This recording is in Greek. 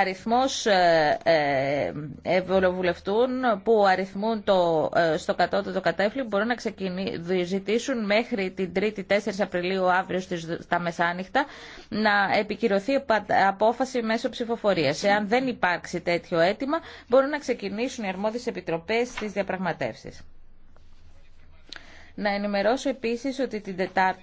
αριθμός ε, ε, ευρωβουλευτών που αριθμούν το, ε, στο κατώτατο κατέφλι μπορούν να ζητήσουν μέχρι την 3η 4 Απριλίου αύριο στις, στα μεσάνυχτα να επικυρωθεί απόφαση μέσω ψηφοφορίας. Εάν δεν υπάρξει τέτοιο αίτημα μπορούν να ξεκινήσουν οι αρμόδιες επιτροπές στις διαπραγματεύσεις. Να ενημερώσω επίσης ότι την Τετάρτη